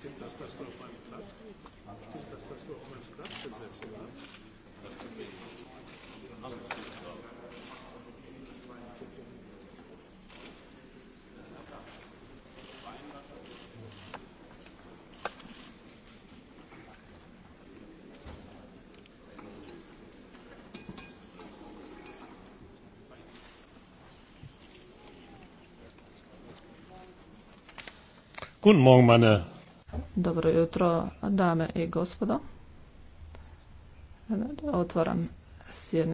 Stimmt Guten Morgen, meine dobro jutro, dame i gospodo. Otvaram sjednicu.